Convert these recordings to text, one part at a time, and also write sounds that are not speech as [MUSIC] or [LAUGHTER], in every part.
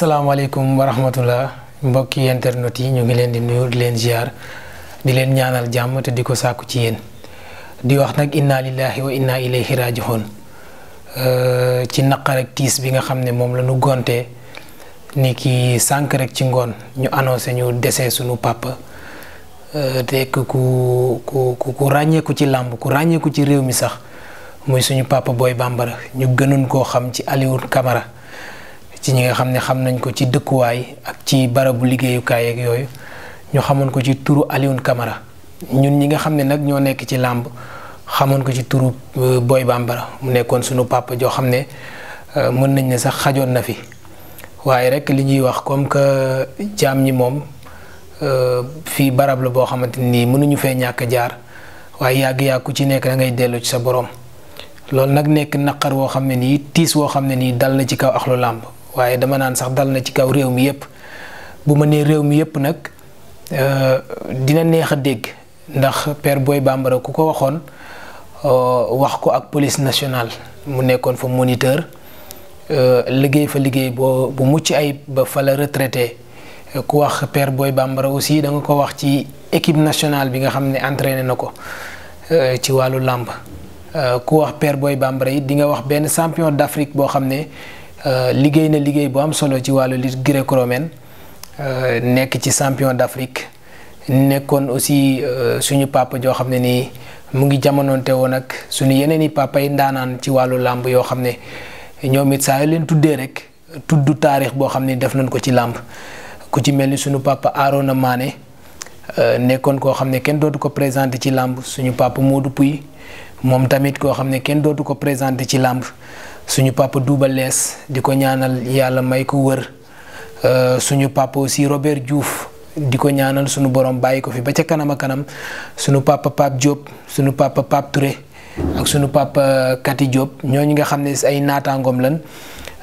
salaamaaleykum wa rahmatullah mbokki internet yi ñu ngi leen di nuyu di leen giar di leen ñaanal jàmm te di ko sàkku ci yéen di wax nag inna lillahi wa inna ilayhi raji'un euh, ci naqar ak tiis bi nga xam ne moom la ñu gontee ni ki sànq rek ci ngoon ñu annoncé ñu dese suñu papa euh, te ku ku ku ku ràññeeku ci làmb ku ràññeeku ci réew mi sax muy suñu papa booy bàmbara ñu gënoon koo xam ci Aliou Camara ci ñi nga xam ne xam nañ ko ci dëkkuwaay ak ci barabu liggéeyukaay ak yooyu ñu xamoon ko ci turu Alioune kamara ñun ñi nga xam ne nag ñoo nekk ci làmb xamoon ko ci turu euh, Boy Bambara mu nekkoon sunu papa joo xam ne euh, mën nañ ne sax xajoon na fi waaye rek li ñuy wax comme que jaam ñi moom euh, fii barab la boo xamante ni mënuñu fee ñàkk jaar waaye yàgg-yàgg ku ci nekk da ngay dellu ci sa borom loolu nag nekk naqar woo xam ne nii tiis woo xam ne nii dal na ci kaw axlu làmb waaye dama naan sax dal na ci kaw réew mi yëpp bu ma nee réew mi yëpp nag euh, dina neex a dégg ndax per Boy Bambara ku ko waxoon euh, wax ko ak police nationale mu nekkoon fa moniteur euh, liggéey fa liggéey boo bu mucc ayib ba fa la retraité ku wax per Boy Bambara aussi da nga ko wax ci équipe nationale bi nga xam ne entraîné na ko ci wàllu làmb ku wax per Boy Bambara yi di nga wax benn champion d'Afrique boo xam ne Euh, liggéey na liggéey bu am solo ci wàllu lutte gréco-romaine euh, nekk ci champion d'Afrique nekkoon aussi euh, suñu papa joo xam ne nii mu ngi jamonoonte woon nag suñu yeneen i papa yi ndaanaan ci wàllu làmb yoo xam ne ñoom it saa yoo leen tuddee rek tudd taarix boo xam ne def nañ ko ci làmb ku ci mel ni suñu papa Arona Mané nekkoon koo xam ne kenn dootu ko présenté ci làmb suñu papa Modou Pouy moom tamit koo xam ne kenn dootu ko présenté ci làmb suñu papa Double Less di ko ñaanal yàlla may ko wër euh, suñu papa aussi Robert Diouf di ko ñaanal suñu borom bàyyi ko fi ba ca kanam kanam suñu papa Pape Diop suñu papa Pape Touré ak suñu papa Kati Diop ñooñu nga xam ne ay naataangoom lan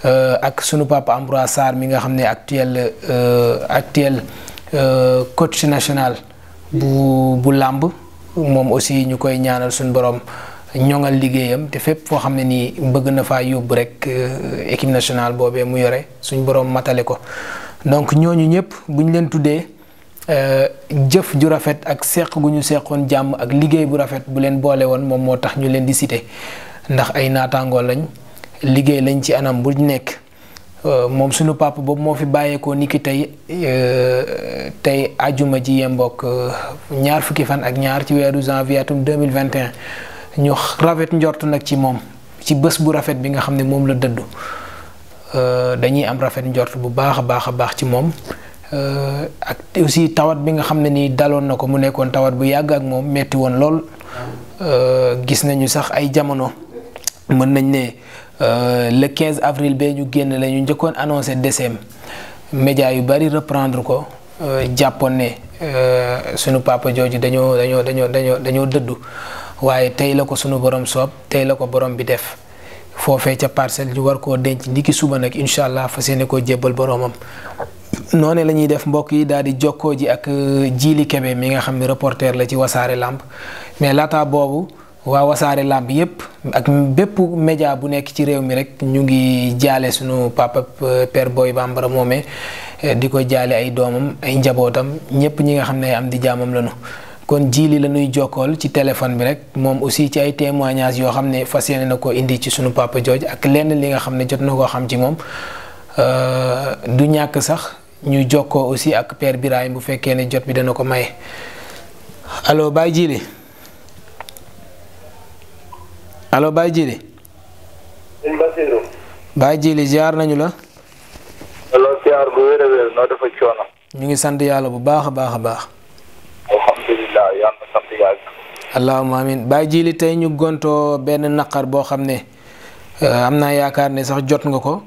euh, ak suñu papa Ambroise Sarr mi nga xam ne actuel euh, actuel coach national bu bu làmb moom aussi ñu koy ñaanal suñu borom ñoŋal liggéeyam te fépp foo xam ne nii bëgg na faa yóbbu rek euh, équipe nationale boobee mu yore suñ borom matale ko donc ñooñu ñëpp bu ñu leen tuddee euh, jëf ju rafet ak seq gu ñu seqoon jàmm ak liggéey bu rafet bu leen boole woon moom moo tax ñu leen di site ndax ay naataangoo lañ liggéey lañ ci anam bu nekk euh, moom suñu papa boobu moo fi bàyyeekoo ni ki tey tey ajuma ji yembook ñaar fukki fan ak ñaar ci weeru janvier atum 2021 ñu rafet njort nag ci moom ci bës bu rafet bi nga xam ne moom la dëddu euh, dañuy am rafet njort bu baax a baax a baax ci moom euh, ak aussi tawat bi nga xam ne nii daloon na ko mu nekkoon tawat bu yàgg ak moom metti woon lool euh, gis nañu sax ay jamono mën nañ ne le 15 avril bee ñu génn la ñu njëkkoon annoncé décès média yu bari reprendre ko jàppoon ne sunu papa jooju dañoo dañoo dañoo dañoo dañoo dëddu waaye tey la ko sunu borom soob tey la ko borom bi def foofee ca parcelle ñu war koo denc niki suba nag incha allah fa yéene koo jébbal boromam. noone la ñuy def mbokk yi daal di jokkoo ji ak euh, jiili Kebe mi nga xam ne reporter la ci wasaare làmb mais laata boobu waa wasaare làmb yépp ak bépp média bu nekk ci réew mi rek ñu ngi jaale sunu papa euh, père Boy Bambara moomee euh, di ko jaale ay doomam ay njabootam ñépp ñi nga xam ne am di jaamam lanu kon jiili la ñuy jokkool ci téléphone bi rek moom aussi ci ay témoignages yoo xam ne fas yéene na ko indi ci sunu papa jooj ak lenn li nga xam ne jot na koo xam ci moom euh, du ñàkk sax ñu jokkoo aussi ak père Birahim bu fekkee ne jot bi dana ko maye allo Baye Jiili allo Baye Jiili. Baye Jiili ziar nañu la. allo noo dafa coono. ñu ngi sant yàlla bu baax a baax a baax. yàgg. bàyyi ji li tey ñu gonto benn naqar boo xam ne euh, am na yaakaar ne sax jot nga ko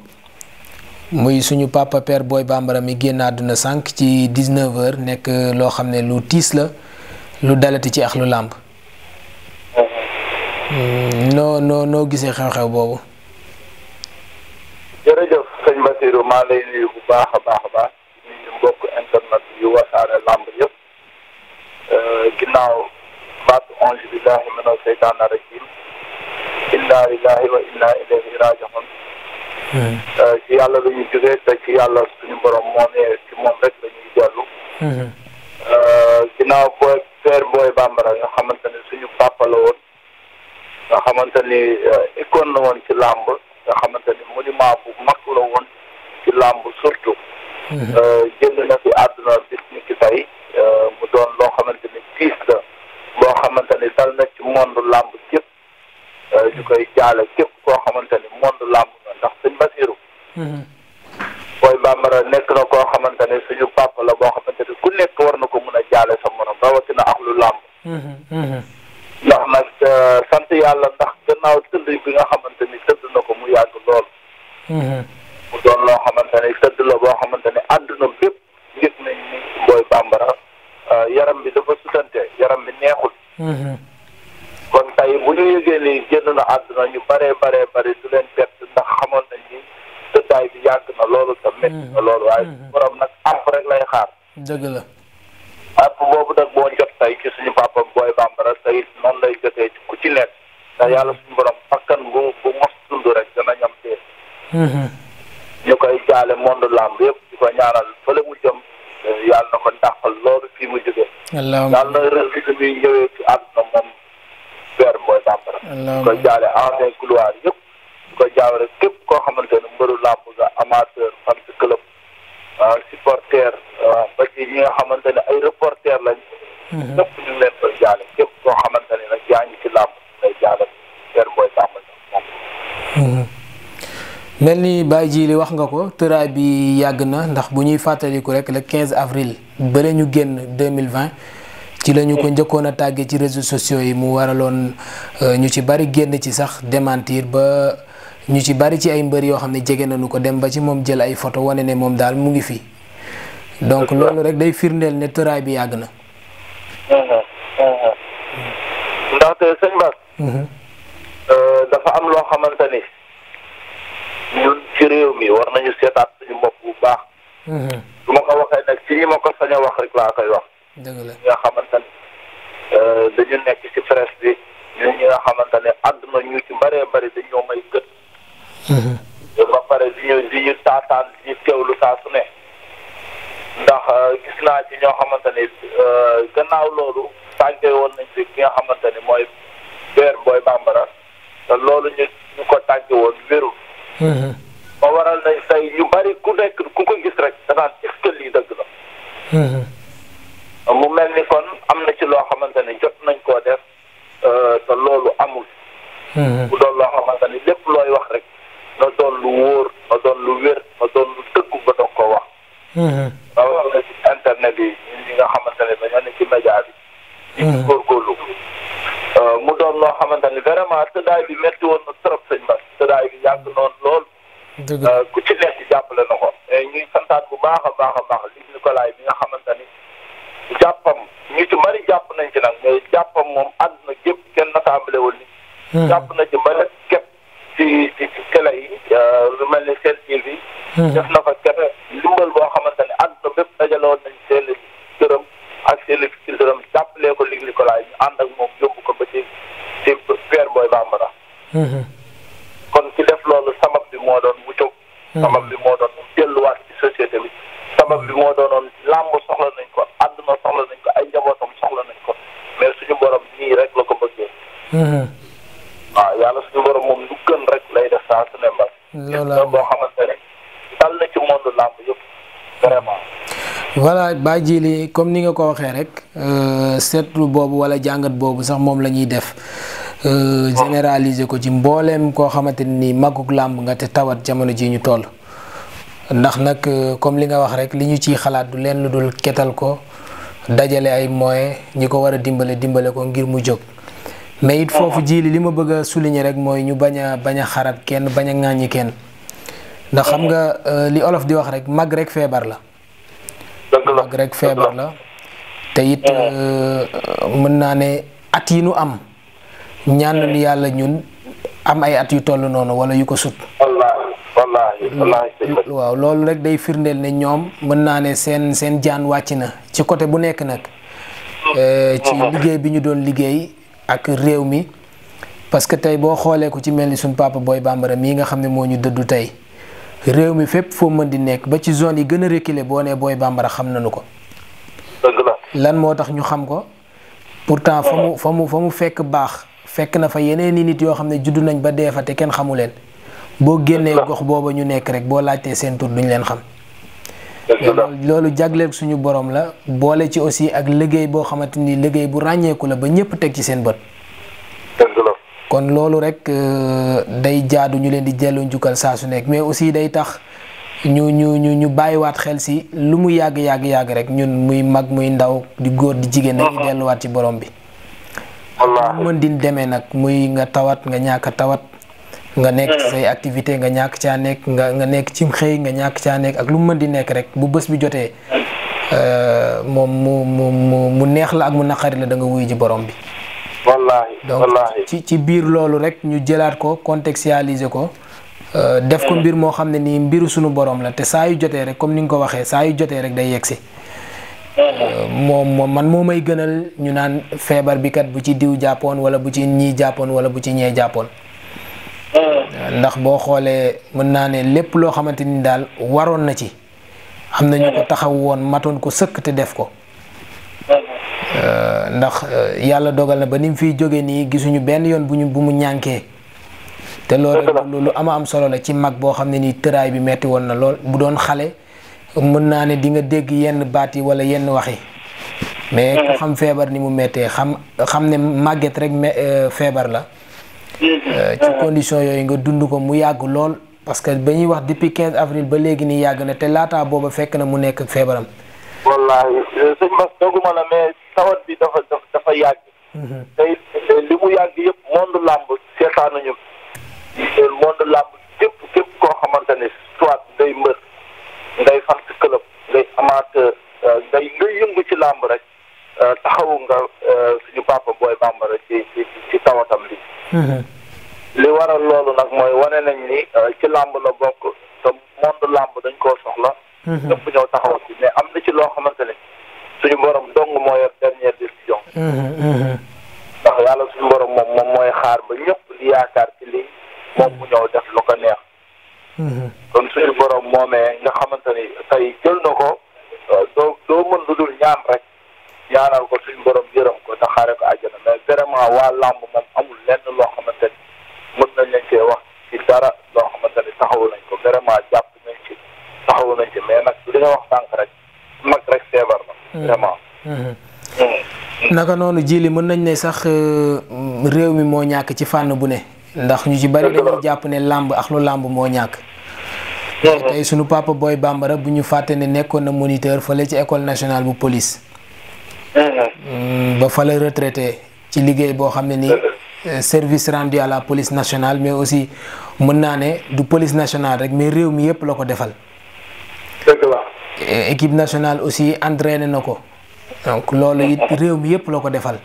muy suñu papa père Boy Bambara mi génn àdduna sànq ci 19 nekk euh, loo xam ne lu tiis la lu dalati ci axlu làmb hmm, noo noo noo gisee xew-xew boobu. maa lay nuyu bu baax a baax a baax di nuyu mbokk yu wasaare làmb yëpp euh, ginnaaw. بعد أعوذ بالله من الشيطان الرجيم inna lillahi wa inna ilayhi raji'un hmm. ci yàlla la ñuy jógee te ci yàlla suñu borom moo ne ci moom rek la ñuy dellu hmm. euh, ginnaaw booy père booy bambara nga xamante ne suñu papa la woon nga xamante ni euh, icône la woon ci làmb nga xamante ni monument bu mag la woon ci làmb surtout génn hmm. euh, na fi àdduna bis ni ki tey mu doon loo xamante ni tiis la xamante ni dal na ci monde làmb képp euh, ñu koy jaale képp koo xamante ni monde làmb na ndax sëñ Basiru mhm. booy bambara nekk na koo xamante ne suñu papa la boo xamante ni ku nekk war na ko mun a jaale sa morom rawatina ak lu làmb mhm, mhm. ndax nag euh, sant yàlla ndax gannaaw tëdd bi nga xamante ni tëdd na ko mu yàgg lool mu doon loo xamante ni tëdd la boo xamante ni àdduna bépp yëg nañ ni booy bambara euh, yaram bi dafa sutante yaram bi neexul Mm-hmm. kon tey bu ñu yëgee lii génn na àdduna ñu bëree bëree bëri du leen bett ndax xamoon nañ ni dëddaay bi yàgg na loolu tam métti na mm-hmm. loolu waaye mm-hmm. borom nag àpp rek lay xaar. dëgg la. àpp boobu nag boo jot tey ci suñu papa booy bambara tey noonu lay jotee ku ci nekk te yàlla suñu borom fakkan bu bu mos dund rek dana ñam dee. ñu koy jaale monde làmb yëpp di ko ñaanal fële mu jëm yàlla ko dàqal loolu fii mu jógee. yàlla na ren bi muy ñëwee ci àdduna moom weer mooy bambara. ñu koy jaale ancien couloir yëpp. ñu koy jaawale képp koo xamante ne mbëru làmb nga amateur fan club ah, supporter ah, ba ci ñi nga xamante ne ay reporter lañ. Mhm. ñëpp ñu leen koy jaale képp mel ni bàyyi ji li wax nga ko tëraay bi yàgg na ndax bu ñuy fàttaliku rek le 15 avril ba ñu génn 2020 ci la ñu ko njëkkoon a tàggee ci réseaux sociaux yi mu waraloon euh, ñu ci bari génn ci sax démentir ba ñu ci bari ci ay mbër yoo xam ne jege nañu ko dem ba ci moom jël ay photo wane ne moom daal mu ngi fi donc loolu rek day firndeel ne tëraay bi yàgg na. Ah, ah, ah, mm-hmm. ci réew mi war nañu seetaat suñu bopp bu baax. Mhm. su ma ko waxee nag ci ñi wax rek laa koy wax. nga xamante ne euh, dañu nekk ci presse bi ñun ñi nga xamante ne àdduna ñu ci bëree bëri dañoo may gët. Mhm. ba pare di ñu di ñu taataan di ñu teewlu saa su euh, gis naa ci ñoo xamante ne euh, gannaaw loolu tànke woon nañ ci ki nga xamante ne mooy beer bambara te loolu ñu ñu ko tànke woon wérul mhm. ba waral na tey ñu bari ku nekk ku ko gis rek danaan est ce que lii dëgg la. Mhm. am na ci loo xamante ne jot nañ koo def euh, loolu amul. bu mhm. doon loo xamante ne lépp looy wax rek na doon lu wóor na doon lu wér na doon lu dëggu mhm. ba wax. rawatina ci internet nga xamante ne dañoo ci média bi. di ci góorgóorlu. Euh, mu doon loo xamante ne vraiment tëdaay bi métti woon Euh, ku ci nekk jàppale na ko ñuy santaat bu baax a baax a baax li Nicolas bi nga xamante ni jàppam ñu ci bari jàpp nañ ci nag mais jàppam moom àdduna gépp kenn nataabalewul ni hmm. jàpp na ci bari képp ci ci ci euh, lu mel ni seen TV hmm. def na fa kepe limbal boo xamante ni àdduna bépp dajaloon nañ seen gërëm ak seen gërëm jàppalee ko li Nicolas ñu ànd ak moom yóbbu ko ba ci ci Père Boy Bambara hmm. monde làmb yëpp Ba Djili comme ni nga ko waxee rek euh, seetlu boobu wala jàngat boobu sax moom la ñuy def. Euh, généraliser ko ci mbooleem koo xamante ni magug làmb nga te tawat jamono ji ñu toll. ndax nag euh, comme li nga wax rek li ñu ciy xalaat du leen lu dul ketal ko dajale ay moyens ñi ko war a dimbale dimbale ko ngir mu jóg mais it foofu jiili li ma bëgg a rek mooy ñu bañ a bañ a xarab kenn bañ a ŋàññi kenn ndax xam nga euh, li olof di wax rek mag rek feebar la. mag rek feebar la te it euh, mën naa ne at yi nu am ñaan yàlla ñun am ay at yu toll noonu wala yu ko sut. waaw loolu rek day firndeel ne ñoom mën naa ne seen seen jaan wàcc na ci côté bu nekk nag. Euh, ci liggéey bi ñu doon liggéey ak réew mi parce que tey boo xoolee ku ci mel ni suñ papa booy Bambara mii nga xam ne moo ñu dëddu tey. réew mi fépp foo mën di nekk ba ci zone yi gën a reculé boo nee booy bambara xam nañu ko. lan moo tax ñu xam ko. pourtant fa mu fa mu fa mu fekk baax fekk na fa yeneen i nit yoo xam ne juddu nañ ba dee fa te kenn xamu leen. boo génnee gox booba ñu nekk rek boo laajtee seen tur duñ leen xam. loolu jagleel suñu borom la boole ci aussi ak liggéey boo xamante ni liggéey bu ràññeeku la ba ñëpp teg ci seen bët. loolu rek euh, day jaadu ñu leen di jellu njukkal saa su nekk mais aussi day tax ñu ñu ñu ñu bàyyiwaat xel si lu mu yàgg yàgg yàgg rek ñun muy mag muy ndaw di góor di jigéen dañuy mhm. delluwaat ci borom bi. mën di demee nag muy nga tawat nga ñàkk tawat. nga nekk mhm. nga ñàkk caa nekk nga nga nekk cim xëy nga ñàkk caa nekk ak lu mu mën di nekk rek bu bés bi jotee euh, moom mu mu mu neex la ak mu naqari la da nga wuyu ji borom bi. wallaahi wallaahi ci ci biir loolu rek ñu jëlaat ko contextualiser ko. Euh, def ko mbir moo xam ne nii mbiru sunu borom la te saa yu jotee rek comme ni nga ko waxee saa yu jotee rek day yegsi. Euh, moom man moo may gënal ñu naan feebar bi kat bu ci diw jàppoon wala bu ci ñii jàppoon wala bu ci ñee jàppoon. Euh, ndax boo xoolee mën naa ne lépp loo xamante ni daal waroon na ci. am na ñu ko taxaw woon matoon ko sëkk te def ko. Euh, ndax euh, yàlla dogal na ba ni mu fiy jógee nii gisuñu benn yoon bu ñu bu mu ñànkee te loolu lu ama am solo la ci mag boo xam ne nii tëraay bi metti woon na lool bu doon xale mun naa ne di nga dégg yenn baat yi wala yenn wax yi mais ku mm-hmm. xam feebar ni mu mettee xam xam ne màgget rek euh, feebar la mm-hmm. ci mm-hmm. condition yooyu nga dund ko mu yàgg lool parce que ba ñuy wax depuis 15 avril ba léegi nii yàgg na te laataa booba fekk na mu nekk feebaram wallaahi euh, sëñ Bas dogguma la mais tawat bi dafa dafa yàgg. Mhm. tey li mu yàgg yëpp monde làmb seetaanuñu monde làmb képp képp koo xamante ne soit ngay mbër ngay fan si club ngay amateur euh, ngay ngay yëngu ci làmb rek euh, taxawu nga suñu papa booy bambara ci ci ci tawatam bi. Mhm. naka noonu ji li mën nañ ne sax euh, réew mi moo ñàkk ci fànn bu ne ndax ñu ci bari dañuy jàpp ne làmb ak làmb moo ñàkk tey sunu papa Boy Bambara bu ñu fàtte ne nekkoon na moniteur fële ci école nationale bu police mm, ba fa la ci liggéey boo xam ne ni euh, service rendu la police nationale mais aussi mën naa ne du police nationale rek mais réew mi yëpp la ko defal équipe nationale aussi ne na ko donc loolu it [LAUGHS] réew mi yëpp la ko defal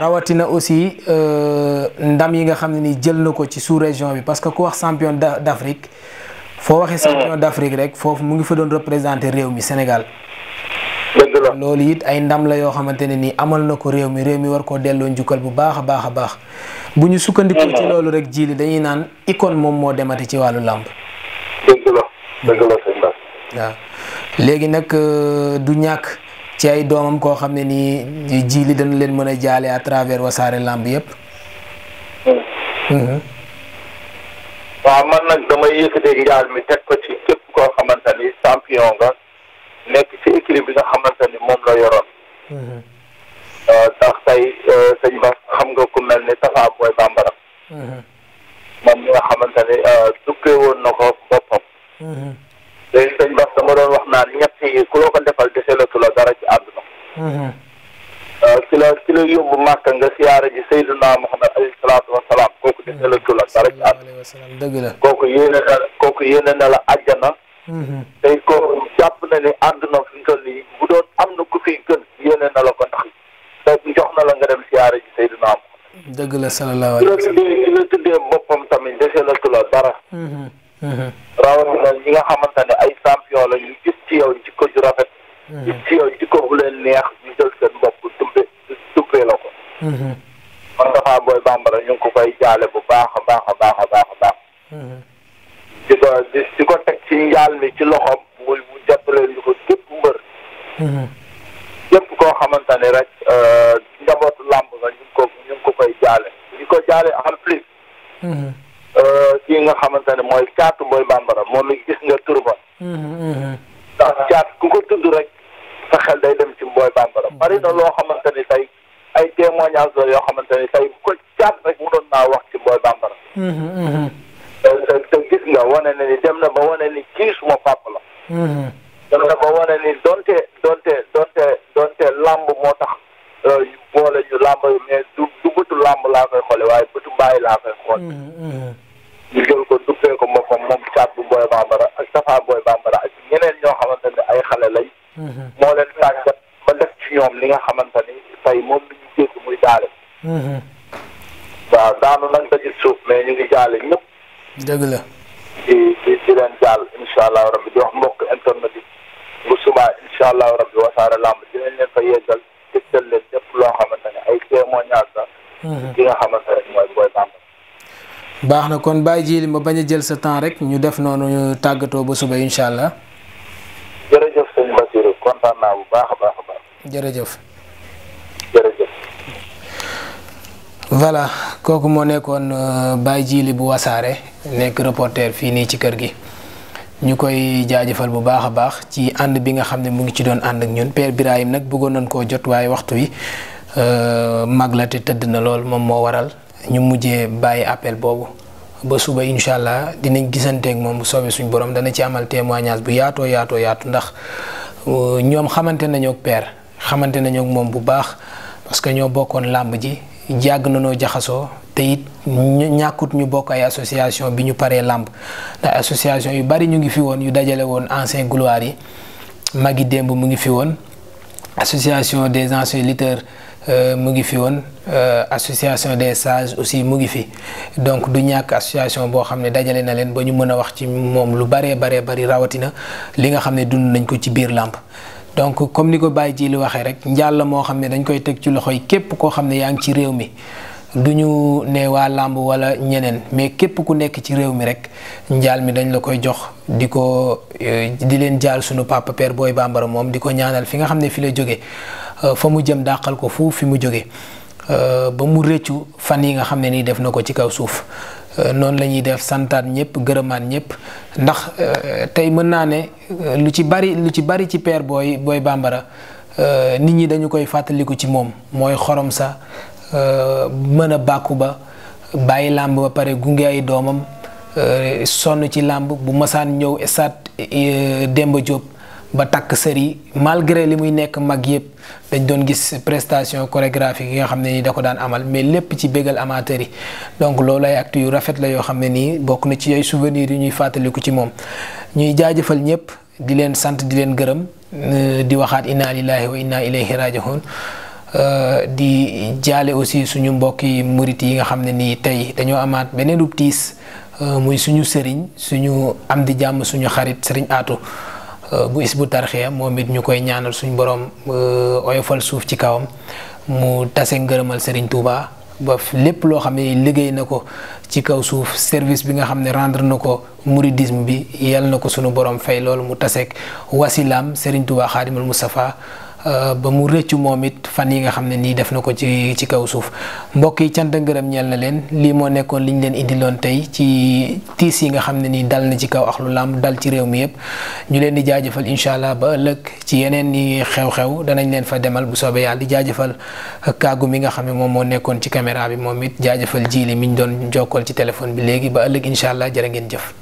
rawatina aussi euh, ndam yi nga xam ne ni jël na ko ci sous région bi parce que ku wax champion d'Afrique foo waxee champion d'Afrique rek foofu mu ngi fa doon représenter réew mi Sénégal loolu it ay ndam la yoo xamante ne nii amal na ko réew mi réew mi war koo delloo njukkal bu baax a baax a baax bu ñu sukkandikoo ci loolu rek jiili dañuy naan icône moom moo demati ci wàllu làmb dëgg la dëgg léegi nag euh, du ñàkk ci ay doomam koo xam ne nii ji li dana leen mën a jaale à travers wasaare lamb yépp hmm. hmm. waaw man nag damay yëkkatee njaal mi teg ko ci képp koo xamante ni champion nga nekk ci équilibre bi nga xamante ni moom la yoroon hmm. euh, ndax tey euh, sëñ Ba xam nga ku mel ni Tafa Boy Bambara moom mi nga xamante euh, na ko boppam léegi sëñ Bass dama doon wax naan ñett yi ku loo ko defal deselatu la dara ci àdduna. ki mm-hmm. euh, la ki la yóbbu Màkka nga siyaare ji Seydina Muhammad alayhi salaatu wa salaam kooku deselatu la dara ci àdduna. dëgg la kooku yéene na kooku yéene na la àjjana. Mm-hmm. tey kooku jàpp na ni àdduna fi mu toll bu doon am na ku fiy gën yéene na la ko ndax tey jox na la nga dem siyaare ji Seydina Muhammad. dëgg la sallallahu alayhi rawatina ñi nga xamante ne ay champion la ñu gis ci yow jikko ju rafet hmm. gis ci yow jikko bu leen neex ñu jël seen bopp dumbe dumbee la ko man hmm. dafaa booy bambara ñu ngi ko koy jaale bu baax a baax a baax a baax a baax hmm. di ko di ko teg ci njaal mi ci loxoom muy mu jàppaleen di ko képp mbër képp koo xamante ne rek euh, njabootu làmb nga ko ko koy jaale di ko jaale en plus ki nga xamante ne mooy caatu booy bambara moom it gis nga tur ba. Mm-hmm, mm-hmm. ndax caat ku dem ci booy bambara mm-hmm. bari na loo xamante ni tey ay témoignage la yoo xamante ni tey ko caat rek mënoon naa wax ci booy bambara. te te gis nga wane na ni dem na ba wane ni kii suma papa ñoom li nga xamante ni tey moom li ñu jégg muy daale mhm. waaw daanu nag dajit suuf mais ñu ngi jaale ñëpp dëgg la di di ci leen jaal incha allahu rabbi di wax mbokk internet yi bu subaa incha allahu rabbi wasaare lamb dinañ leen fa yeggal dégtal leen lépp loo xamante ne ay témoignage la di mhm. nga xamante mooy mooy bàmb baax na kon bàyyi ji li ma bañ a jël sa temps rek ñu def noonu ñu tàggatoo ba suba incha allah jërëjëf sëñ Basiru kontaan naa bu jërëjëf. jërëjëf. voilà kooku moo nekkoon euh, baay Djily bu wasaare nekk reporter fii nii ci kër gi ñu koy jaajëfal bu baax a baax ci ànd bi nga xam ne mu ngi ci doon ànd ak ñun Père Birahim nag bëggoon nañ koo jot waaye waxtu wi euh, mag la te tëdd na lool moom moo waral ñu mujjee bàyyi appel boobu. ba suba incha allah dinañ gisanteek moom bu soobee suñu borom dana ci amal témoignage bu yaatoo yaatoo yaatu ndax euh, ñoom xamante nañu ak xamante nañu ak moom bu baax parce que ñoo bokkoon làmb ji jàgg nañoo jaxasoo te it ñàkkut ñu bokk ay association bi ñu paree làmb ndax association yu bari ñu ngi fi woon yu dajale woon ancien gloire yi magi démb mu ngi fi woon association des anciens lutteurs euh, mu ngi fi woon euh, association des sages aussi mu ngi fi donc du ñàkk association boo xam ne dajale na leen ba ñu mën a wax ci moom lu baree baree bari rawatina li nga xam ne dund nañ ko ci biir làmb donc comme ni ko bàyyi jii li waxee rek njaal la moo xam ne dañ koy teg ci loxo yi képp koo xam ne yaa ngi ci réew mi du ñu ne waa làmb wala ñeneen mais képp ku nekk ci réew mi rek njaal mi dañ la koy jox di ko eh, di leen jaal sunu papa booy bambara moom di ko ñaanal fi nga xam ne fi la jóge eh, fa mu jëm dàqal ko fu fi mu jóge eh, ba mu rëccu fan yi nga xam ne nii def na ko ci kaw suuf Euh, noonu la ñuy def santaan ñëpp gërëmaan ñëpp ndax euh, tey mën naa ne euh, lu ci bari lu ci bari ci Père booy Boy Bambara nit ñi dañu koy fàttaliku ci moom mooy xorom sa mën a bàkku ba bàyyi làmb ba pare gunge ay doomam sonn ci làmb bu mosaan ñëw stade Demba jóob ba takk sëri malgré li muy nekk mag yëpp dañ doon gis prestation chorégraphique yi nga xam ne nii da ko daan amal mais lépp ci bégal amateur yi donc loolu ay actes yu rafet la yoo xam ne nii bokk na ci ay souvenirs yu ñuy fàttaliku ci moom ñuy jaajëfal ñëpp di leen sant di leen gërëm euh, di waxaat inna lillahi wa inna ilayhi raji'un euh, di jaale aussi suñu mbokki murit yi nga xam ne nii tey dañoo amaat beneen ub tiis euh, muy suñu sëriñ suñu am di jàmm suñu xarit sëriñ aatu bu is bu tarxiya moom it ñu koy ñaanal suñu borom euh, oyofal suuf ci kawam mu tase ngërëmal Serigne Touba ba lépp loo xam ne liggéey na ko ci kaw suuf service bi nga xam ne rendre na ko mouridisme bi yal na ko suñu borom fay loolu mu taseeg wasilaam Serigne Touba xaadimal Moustapha Euh, ba mu rëccu moom it fan yi nga xam ne nii def na ko ci ci kaw suuf mbokk yi cant ngërëm ñeel na leen lii moo nekkoon li ñu leen indiloon tey ci tiis yi nga xam ne nii dal na ci kaw axlu làmb dal ci réew mi yëpp ñu leen di jaajëfal incha allah ba ëllëg ci yeneen ni xew-xew danañ leen fa demal bu soobee yàlla di jaajëfal euh, kàggu mi nga xam ne moom moo nekkoon ci caméra bi moom it jaajëfal jiili mi ñu doon jokkool ci téléphone bi léegi ba ëllëg incha allah jërë ngeen jëf